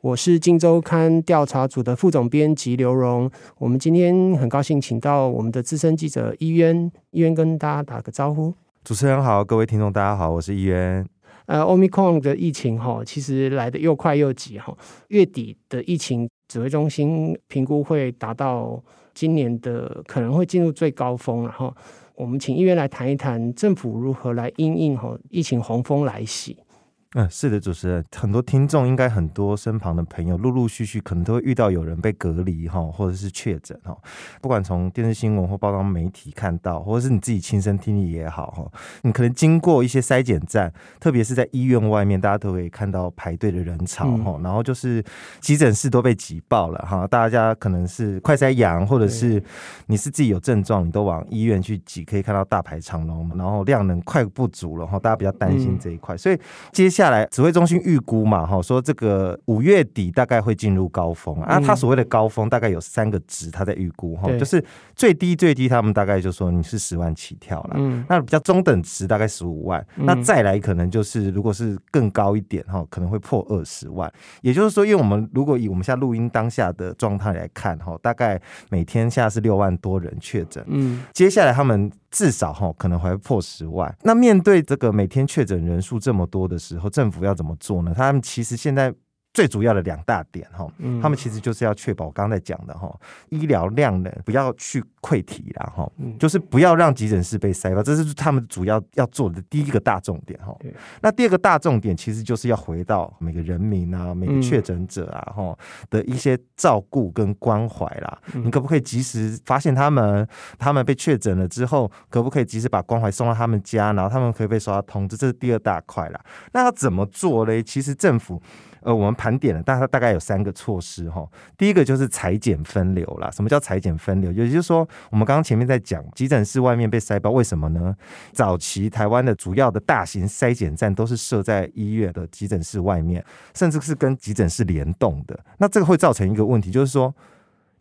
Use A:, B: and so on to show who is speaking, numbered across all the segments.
A: 我是《鏡週刊》調查組的副總編輯劉榮，我們今天很高興請到我們的資深記者伊淵，伊淵跟大家打個招呼。主持人好，各位聽眾大家好，我是伊淵。呃、uh,，Omicron 的疫情其實來得又快又急，月底的疫情指揮中心評估會達到今年的可能會進入最高峰，然後我們請伊淵來談一談政府如何來因應疫情洪峰來襲。
B: 嗯，是的，主持人，很多聽眾應該很多身旁的朋友，陸陸續續可能都會遇到有人被隔離哈，或者是確診哈。不管從電視新聞或報道媒體看到，或者是你自己親身經歷也好哈，你可能經過一些篩檢站，特別是在醫院外面，大家都可以看到排隊的人潮哈。嗯、然後就是急診室都被擠爆了哈，大家可能是快篩陽，或者是你是自己有症狀，你都往醫院去擠，可以看到大排長龍，然後量能快不足了哈，大家比較擔心這一塊，嗯、所以接。接下來，指揮中心預估嘛，哈，說這個五月底大概會進入高峰。嗯、啊，他所謂的高峰，大概有三個值它，他在預估哈，就是最低最低，他們大概就說你是十萬起跳了。嗯。那比較中等值大概十五萬，嗯、那再來可能就是如果是更高一點哈，可能會破二十萬。也就是說，因為我們如果以我們現在錄音當下的狀態來看哈，大概每天現在是六萬多人確診。嗯。接下來他們至少哈，可能還會破十萬。那面對這個每天確診人數這麼多的時候，政府要怎麼做呢？他們其實現在。最主要的兩大點哈，他們其實就是要確保我剛才講的哈，醫療量能不要去潰體了哈，就是不要讓急診室被塞吧，這是他們主要要做的第一個大重點哈。那第二個大重點其實就是要回到每個人民啊，每個確診者啊哈的一些照顧跟關懷啦。你可不可以及時發現他們？他們被確診了之後，可不可以及時把關懷送到他們家？然後他們可以被收到通知，這是第二大塊啦。那要怎麼做嘞？其實政府。呃，我們盤點了，大概大概有三個措施哈。第一個就是採檢分流啦。什麼叫採檢分流？也就是說，我們剛剛前面在講急診室外面被塞爆，為什麼呢？早期台灣的主要的大型篩檢站都是設在醫院的急診室外面，甚至是跟急診室聯動的。那這個會造成一個問題，就是說。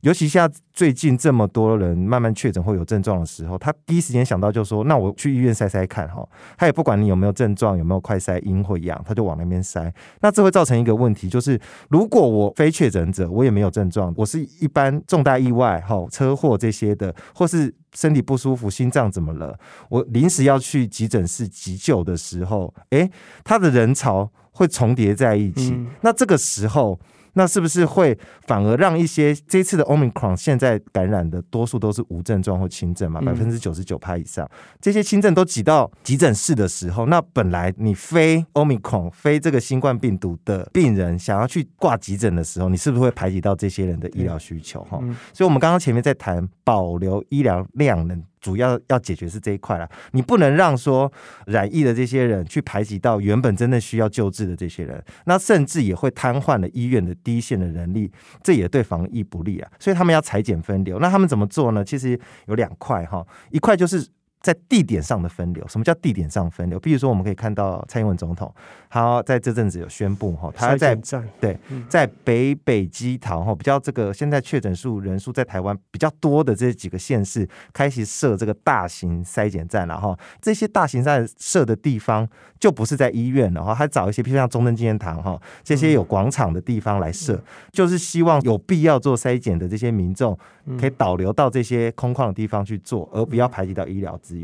B: 尤其像最近這麼多人慢慢確診或有症狀的時候，他第一時間想到就說，那我去醫院篩篩看哈。他也不管你有沒有症狀，有沒有快篩陰或陽，他就往那邊篩。那這會造成一個問題，就是如果我非確診者，我也沒有症狀，我是一般重大意外哈、哦、車禍這些的，或是身體不舒服、心臟怎麼了，我臨時要去急診室急救的時候，誒、欸，他的人潮會重疊在一起。嗯、那這個時候。那是不是會反而讓一些這次的 Omicron 現在感染的多數都是無症狀或輕症嘛？百分之九十九趴以上，嗯、這些輕症都擠到急診室的時候，那本來你非 Omicron、非這個新冠病毒的病人想要去掛急診的時候，你是不是會排擠到這些人的醫療需求？哈、嗯，嗯、所以我們剛剛前面在談保留醫療量能，主要要解決是這一塊了，你不能讓說染疫的這些人去排擠到原本真的需要救治的這些人，那甚至也會癱瘓了醫院的第一線的人力，這也對防疫不利啊。所以他們要採檢分流，那他們怎麼做呢？其實有兩塊哈，一塊就是。在地點上的分流，什麼叫地點上分流？比如說，我們可以看到蔡英文總統，他在這陣子有宣布，哈，他在對，在北北基桃哈，比較這個現在確診數人數在台灣比較多的這幾個縣市，開始設這個大型篩檢站了哈。這些大型站設的地方就不是在醫院，然後還找一些，譬如像中正紀念堂哈，這些有廣場的地方來設，就是希望有必要做篩檢的這些民眾，可以導流到這些空曠的地方去做，而不要排擠到醫療資。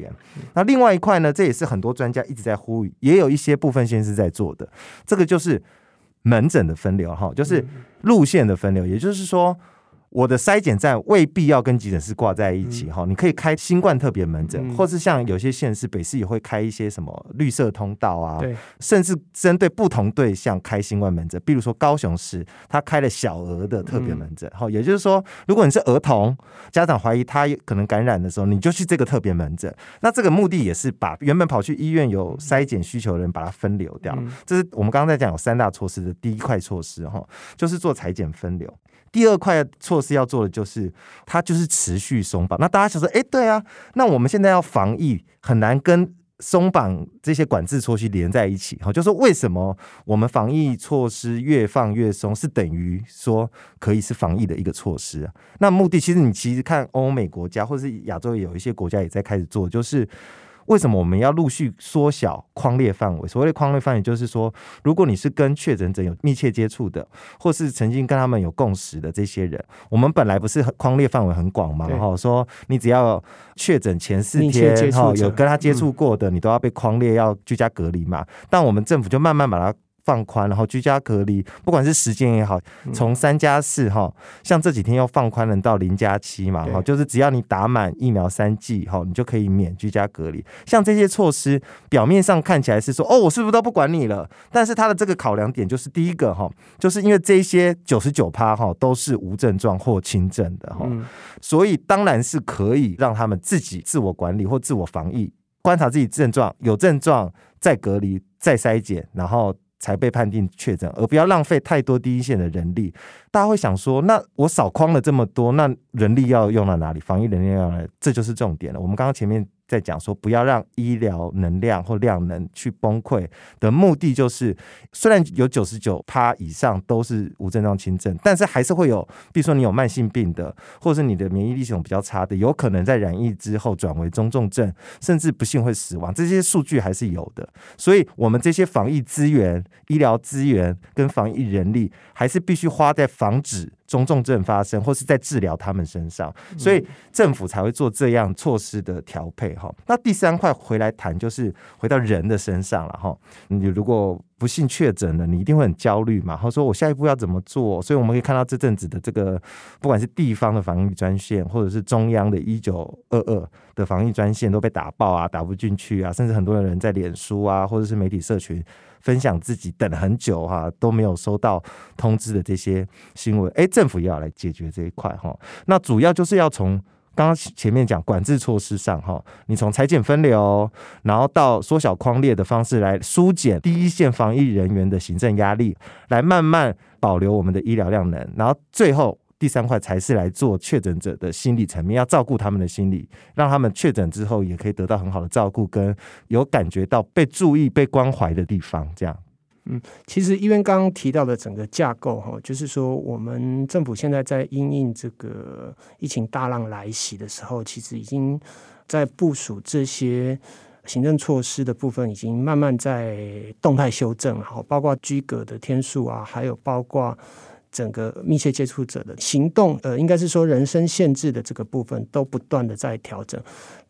B: 那另外一塊呢，這也是很多專家一直在呼籲，也有一些部分先是在做的，這個就是門診的分流，哈，就是路線的分流。也就是說。我的篩檢站未必要跟急診室掛在一起哈，嗯、你可以開新冠特別門診，嗯、或是像有些縣市，北市也會開一些什麼綠色通道啊，對甚至針對不同對象開新冠門診，比如說高雄市，他開了小兒的特別門診，好、嗯，也就是說，如果你是兒童，家長懷疑他可能感染的時候，你就去這個特別門診。那這個目的也是把原本跑去醫院有篩檢需求的人把它分流掉。嗯、這是我們剛剛在講有三大措施的第一塊措施哈，就是做採檢分流。第二塊措施要做的就是，它就是持續鬆綁。那大家想說，哎、欸，對啊，那我們現在要防疫，很難跟鬆綁這些管制措施連在一起哈。就是為什麼我們防疫措施越放越鬆，是等於說可以是防疫的一個措施啊？那目的其實你其實看歐美國家，或者是亞洲有一些國家也在開始做，就是。為什麼我們要陸續縮小匡列範圍？所謂的匡列範圍，就是說，如果你是跟確診者有密切接觸的，或是曾經跟他們有共識的這些人，我們本來不是匡列範圍很廣嗎？哈對，說你只要確診前四天哈、哦，有跟他接觸過的，嗯、你都要被匡列，要居家隔離嘛。但我們政府就慢慢把它。放寬，然後居家隔離，不管是時間也好，從三加四哈，4, 嗯、像這幾天又放寬了到零加七嘛哈，對就是只要你打滿疫苗三劑哈，你就可以免居家隔離。像這些措施，表面上看起來是說哦，我是不是都不管你了？但是他的這個考量點就是第一個哈，就是因為這些九十九趴哈都是無症狀或輕症的哈，嗯、所以當然是可以讓他們自己自我管理或自我防疫，觀察自己症狀，有症狀再隔離再篩檢，然後。才被判定確診，而不要浪費太多第一線的人力。大家會想說，那我少匡了這麼多，那人力要用到哪裡？防疫人員要哪裡，這就是重點了。我們剛剛前面。在講說不要讓醫療能量或量能去崩潰的目的，就是雖然有九十九趴以上都是無症狀輕症，但是還是會有，比如說你有慢性病的，或者是你的免疫力系統比較差的，有可能在染疫之後轉為中重症，甚至不幸會死亡，這些數據還是有的。所以，我們這些防疫資源、醫療資源跟防疫人力，還是必須花在防止。中重症發生或是在治療他們身上，所以政府才會做這樣措施的調配哈。嗯、那第三塊回來談，就是回到人的身上了哈。你如果不幸確診了，你一定會很焦慮嘛。他說我下一步要怎麼做？所以我們可以看到這陣子的這個，不管是地方的防疫專線，或者是中央的一九二二的防疫專線，都被打爆啊，打不進去啊，甚至很多人在臉書啊，或者是媒體社群。分享自己等很久哈、啊、都沒有收到通知的這些新聞，誒，政府也要來解決這一塊哈。那主要就是要從剛剛前面講管制措施上哈，你從裁減分流，然後到縮小匡列的方式來紓解第一線防疫人員的行政壓力，來慢慢保留我們的醫療量能，然後最後。第三塊才是來做確診者的心理層面，要照顧他們的心理，讓他們確診之後也可以得到很好的照顧，跟有感覺到被注意、被關懷的地方。這樣，嗯，
A: 其實醫院剛剛提到的整個架構，哈，就是說我們政府現在在因應這個疫情大浪來襲的時候，其實已經在部署這些行政措施的部分，已經慢慢在動態修正了，包括居隔的天數啊，還有包括。整個密切接觸者的行動，呃，應該是說人身限制的這個部分都不斷的在調整。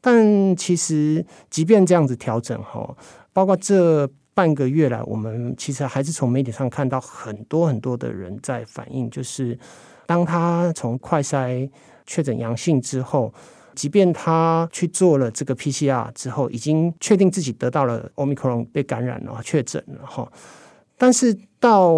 A: 但其實，即便這樣子調整哈，包括這半個月來，我們其實還是從媒體上看到很多很多的人在反映，就是當他從快篩確診陽性之後，即便他去做了這個 PCR 之後，已經確定自己得到了 Omicron 被感染了，確診了哈，但是到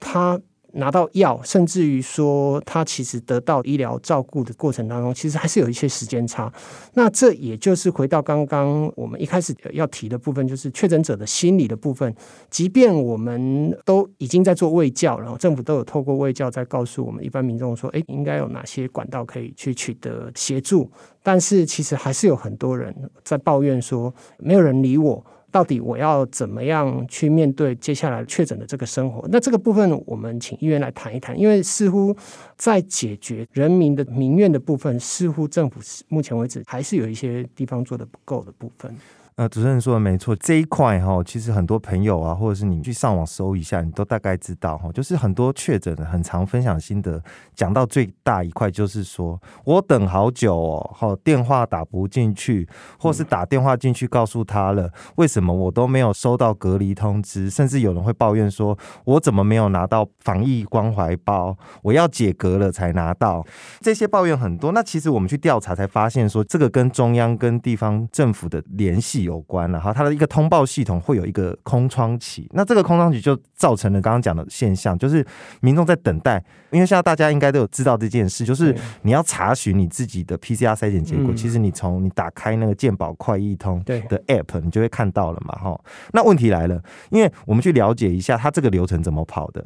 A: 他。拿到藥，甚至於說他其實得到醫療照顧的過程當中，其實還是有一些時間差。那這也就是回到剛剛我們一開始要提的部分，就是確診者的心理的部分。即便我們都已經在做衛教，然後政府都有透過衛教在告訴我們一般民眾說，誒，應該有哪些管道可以去取得協助，但是其實還是有很多人在抱怨說，沒有人理我。到底我要怎麼樣去面對接下來確診的這個生活？那這個部分，我們請議員來談一談，因為似乎在解決人民的民怨的部分，似乎政府是目前為止還是有一些地方做得不夠的部分。
B: 呃，主持人說的沒錯，這一塊哈、哦，其實很多朋友啊，或者是你去上網搜一下，你都大概知道哈。就是很多確診的很常分享心得，講到最大一塊就是說，我等好久哦，好，電話打不進去，或是打電話進去告訴他了，為什麼我都沒有收到隔離通知？甚至有人會抱怨說，我怎麼沒有拿到防疫關懷包？我要解隔了才拿到。這些抱怨很多。那其實我們去調查才發現說，這個跟中央跟地方政府的聯繫。有關了哈，它的一個通報系統會有一個空窗期，那這個空窗期就造成了剛剛講的現象，就是民眾在等待，因為現在大家應該都有知道這件事，就是你要查詢你自己的 PCR 篩檢結果，嗯、其實你從你打開那個健保快易通的 App，你就會看到了嘛哈對。那問題來了，因為我們去了解一下它這個流程怎麼跑的，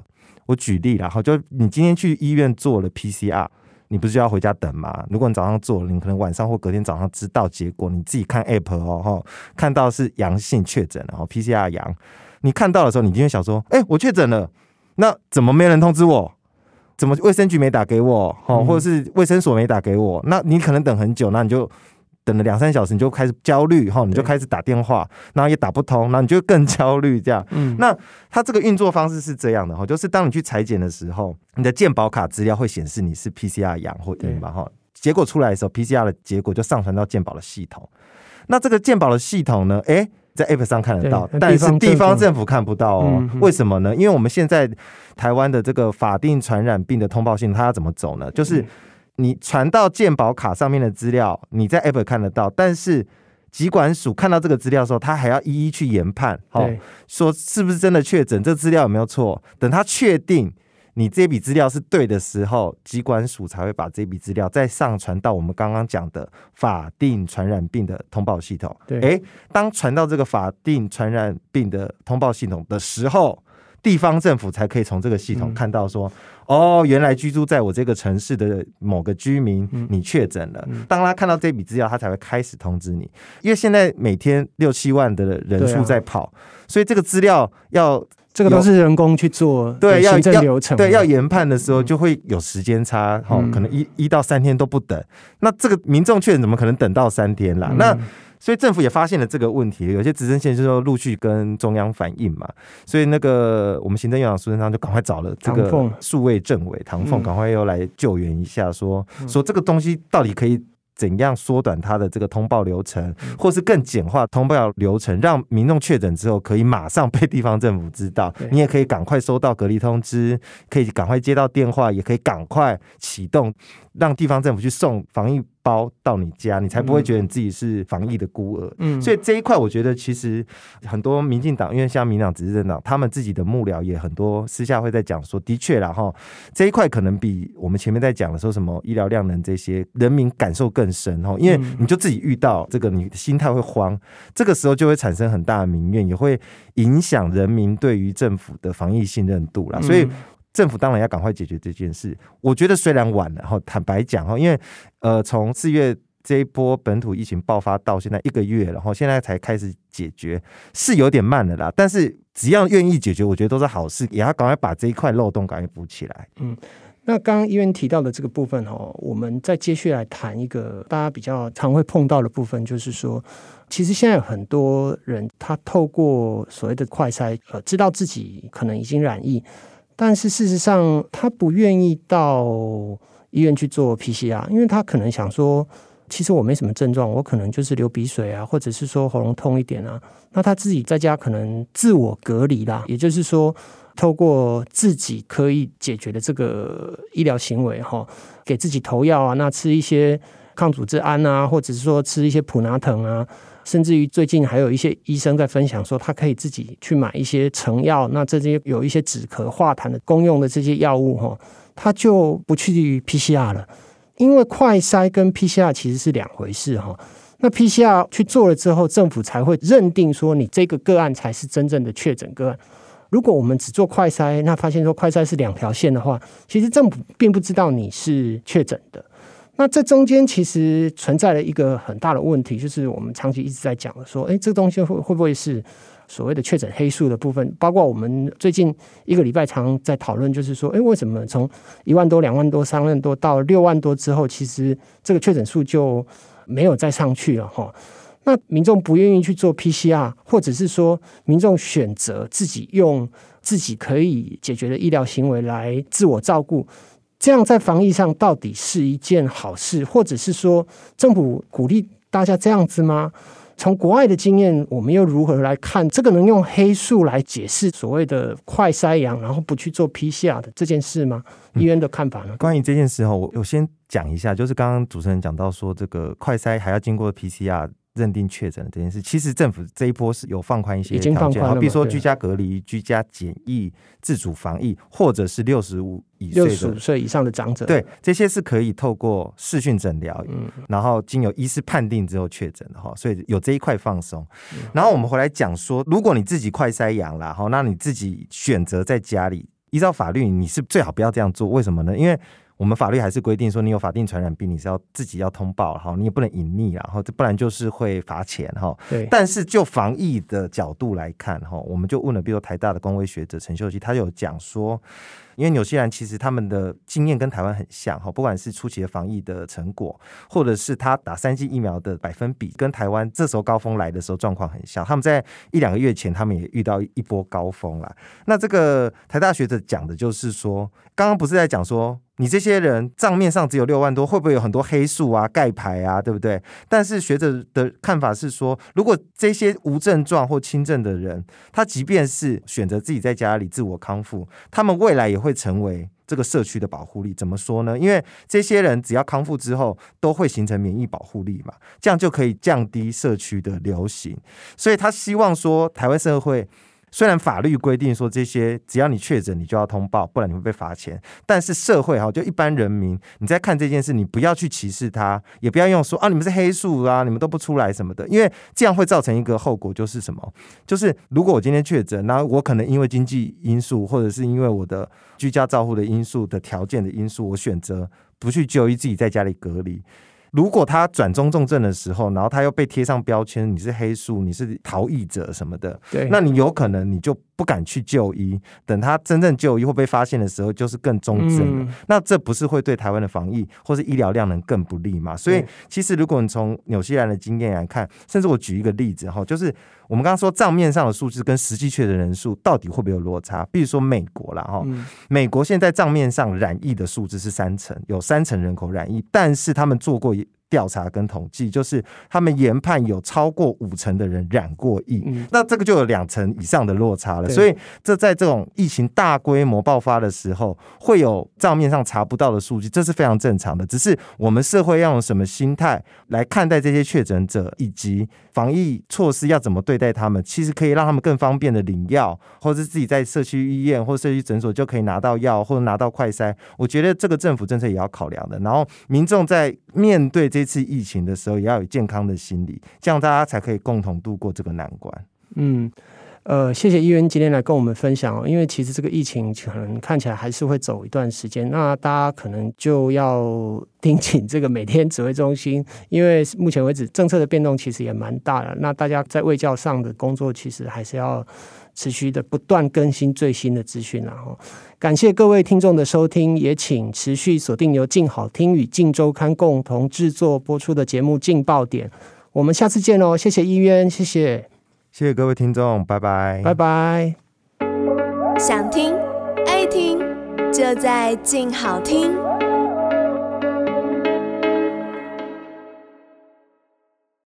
B: 我舉例啦，然後就你今天去醫院做了 PCR。你不是要回家等嗎？如果你早上做了，你可能晚上或隔天早上知道結果，你自己看 app 哦，看到是陽性確診，然後 PCR 陽，你看到的時候，你就會想說：誒、欸，我確診了，那怎麼沒人通知我？怎麼衛生局沒打給我？哦，或者是衛生所沒打給我？嗯、那你可能等很久，那你就。等了兩三小時你就開始焦慮哈，你就開始打電話，對然後也打不通，然後你就更焦慮這樣。嗯、那它這個運作方式是這樣的哈，就是當你去採檢的時候，你的健保卡資料會顯示你是 PCR 陽或陰嘛哈，對結果出來的時候，PCR 的結果就上傳到健保的系統。那這個健保的系統呢，哎、欸，在 APP 上看得到，但是地方政府看不到哦。嗯嗯為什麼呢？因為我們現在台灣的這個法定傳染病的通報性，它要怎麼走呢？就是你傳到健保卡上面的資料，你在 APP 看得到，但是疾管署看到這個資料的時候，他還要一一去研判，哦，對說是不是真的確診，這資料有沒有錯？等他確定你這筆資料是對的時候，疾管署才會把這筆資料再上傳到我們剛剛講的法定傳染病的通報系統。對，哎、欸，當傳到這個法定傳染病的通報系統的時候。地方政府才可以從這個系統看到說，嗯、哦，原來居住在我這個城市的某個居民，你確診了。嗯嗯、當他看到這筆資料，他才會開始通知你。因為現在每天六七萬的人數在跑，啊、所以這個資料要這個都是
A: 人工去做，對，對，要流程，對，要
B: 研判的時候就會有時間差，哈、嗯哦，可能一一到三天都不等。那這個民眾確診怎麼可能等到三天啦？嗯、那？所以政府也發現了這個問題，有些執政縣就是說陸續跟中央反映嘛，所以那個我們行政院長蘇貞昌就趕快找了這個數位政委唐鳳,唐鳳，趕快又來救援一下說，說、嗯、說這個東西到底可以怎樣縮短它的這個通報流程，嗯、或是更簡化通報流程，讓民眾確診之後可以馬上被地方政府知道，對你也可以趕快收到隔離通知，可以趕快接到電話，也可以趕快啟動，讓地方政府去送防疫。包到你家，你才不會覺得你自己是防疫的孤兒。嗯，所以這一塊我覺得其實很多民進黨，因為像民黨執政黨，他們自己的幕僚也很多，私下會在講說，的確啦哈，這一塊可能比我們前面在講的時候，什麼醫療量能這些，人民感受更深哈。因為你就自己遇到這個，你心態會慌，這個時候就會產生很大的民怨，也會影響人民對於政府的防疫信任度了。嗯、所以。政府當然要趕快解決這件事。我覺得雖然晚了，然後坦白講，因為呃，從四月這一波本土疫情爆發到現在一個月，然後現在才開始解決，是有點慢了啦。但是只要願意解決，我覺得都是好事，也要趕快把這一塊漏洞趕快補起來。
A: 嗯，那剛剛議員提到的這個部分，哦，我們再接續來談一個大家比較常會碰到的部分，就是說，其實現在有很多人他透過所謂的快篩，呃，知道自己可能已經染疫。但是事實上，他不願意到醫院去做 PCR，因為他可能想說，其實我沒什麼症狀，我可能就是流鼻水啊，或者是說喉嚨痛一點啊。那他自己在家可能自我隔離啦，也就是說，透過自己可以解決的這個醫療行為哈，給自己投藥啊，那吃一些。抗組織胺啊，或者是說吃一些普拿疼啊，甚至於最近還有一些醫生在分享說，他可以自己去買一些成藥，那這些有一些止咳化痰的功用的這些藥物哈、哦，他就不取決於 PCR 了，因為快篩跟 PCR 其實是兩回事哈、哦。那 PCR 去做了之後，政府才會認定說你這個個案才是真正的確診個案。如果我們只做快篩，那發現說快篩是兩條線的話，其實政府並不知道你是確診的。那這中間其實存在了一個很大的問題，就是我們長期一直在講的，說，哎，這個東西會會不會是所謂的確診黑數的部分？包括我們最近一個禮拜常在討論，就是說，哎，為什麼從一萬多、兩萬多、三萬多到六萬多之後，其實這個確診數就沒有再上去了？哈，那民眾不願意去做 PCR，或者是說，民眾選擇自己用自己可以解決的醫療行為來自我照顧。這樣在防疫上到底是一件好事，或者是說政府鼓勵大家這樣子嗎？從國外的經驗，我們又如何來看這個能用黑數來解釋所謂的快篩陽，然後不去做 PCR 的這件事嗎？醫院的看法呢、嗯？
B: 關於這件事哈，我我先講一下，就是剛剛主持人講到說這個快篩還要經過 PCR。認定確診這件事，其實政府這一波是有放寬一些條件，哈，比如說居家隔離、對居家檢疫自主防疫，或者是六十五以六十五歲以上的長者，對，這些是可以透過視訊診療，嗯、然後經由醫師判定之後確診的哈，所以有這一塊放鬆。嗯、然後我們回來講說，如果你自己快篩陽了哈，那你自己選擇在家裡，依照法律你是最好不要這樣做，為什麼呢？因為我們法律還是規定說，你有法定傳染病，你是要自己要通報，哈，你也不能隱匿，然後這不然就是會罰錢，哈對。但是就防疫的角度來看，哈，我們就問了，比如說台大的公威學者陳秀熙，他有講說，因為紐西蘭其實他們的經驗跟台灣很像，哈，不管是初期的防疫的成果，或者是他打三劑疫苗的百分比，跟台灣這時候高峰來的時候狀況很像。他們在一兩個月前，他們也遇到一波高峰了。那這個台大學者講的就是說，剛剛不是在講說。你這些人賬面上只有六萬多，會不會有很多黑數啊、蓋牌啊，對不對？但是學者的看法是說，如果這些無症狀或輕症的人，他即便是選擇自己在家裡自我康復，他們未來也會成為這個社區的保護力。怎麼說呢？因為這些人只要康復之後，都會形成免疫保護力嘛，這樣就可以降低社區的流行。所以他希望說，台灣社會。雖然法律規定說這些，只要你確診，你就要通報，不然你會被罰錢。但是社會哈，就一般人民，你在看這件事，你不要去歧視他，也不要用說啊，你們是黑數啊，你們都不出來什麼的，因為這樣會造成一個後果，就是什麼？就是如果我今天確診，那我可能因為經濟因素，或者是因為我的居家照護的因素的條件的因素，我選擇不去就醫，自己在家裡隔離。如果他轉中重症的時候，然後他又被貼上標籤，你是黑數，你是逃逸者什麼的，對那你有可能你就。不敢去就醫，等他真正就醫會被發現的時候，就是更重症的。嗯、那這不是會對台灣的防疫或是醫療量能更不利嗎？所以其實如果你從紐西蘭的經驗來看，甚至我舉一個例子哈，就是我們剛剛說賬面上的數字跟實際確診人數到底會不會有落差？比如說美國啦，哈，美國現在賬面上染疫的數字是三成，有三成人口染疫，但是他們做過。調查跟統計，就是他們研判有超過五成的人染過疫，嗯、那這個就有兩成以上的落差了。對所以這在這種疫情大規模爆發的時候，會有賬面上查不到的數據，這是非常正常的。只是我們社會要用什麼心態來看待這些確診者，以及防疫措施要怎麼對待他們，其實可以讓他們更方便的領藥，或者自己在社區醫院或社區診所就可以拿到藥或者拿到快篩。我覺得這個政府政策也要考量的。然後民眾在面對這次疫情的時候，也要有健康的
A: 心理，這樣大家才可以共同度過這個難關。嗯，呃，謝謝議員今天來跟我們分享哦，因為其實這個疫情可能看起來還是會走一段時間，那大家可能就要盯緊這個每天指揮中心，因為目前為止政策的變動其實也蠻大的。那大家在衛教上的工作其實還是要。持續的不斷更新最新的資訊，然後感謝各位聽眾的收聽，也請持續鎖定由鏡好聽與鏡週刊共同製作播出的節目《鏡爆點》，我們下次見哦！謝謝伊淵，謝謝，謝謝各位聽眾，拜拜，拜拜。想聽愛聽就在鏡好聽。